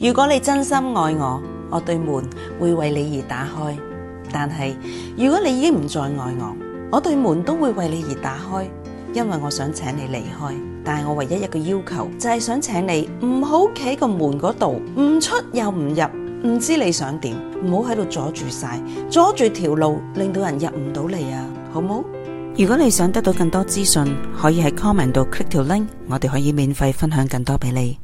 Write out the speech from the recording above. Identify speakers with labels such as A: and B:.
A: 如果你真心愛我，我對門會為你而打開。但係如果你已經唔再愛我，我對門都會為你而打開，因為我想請你離開。但係我唯一一個要求就係想請你唔好企個門嗰度，唔出又唔入，唔知你想點，唔好喺度阻住晒，阻住條路，令到人入唔到嚟啊，好冇？如果你想得到更多資訊，可以喺
B: comment 度 click 條 link，我哋可以免費分享更多俾你。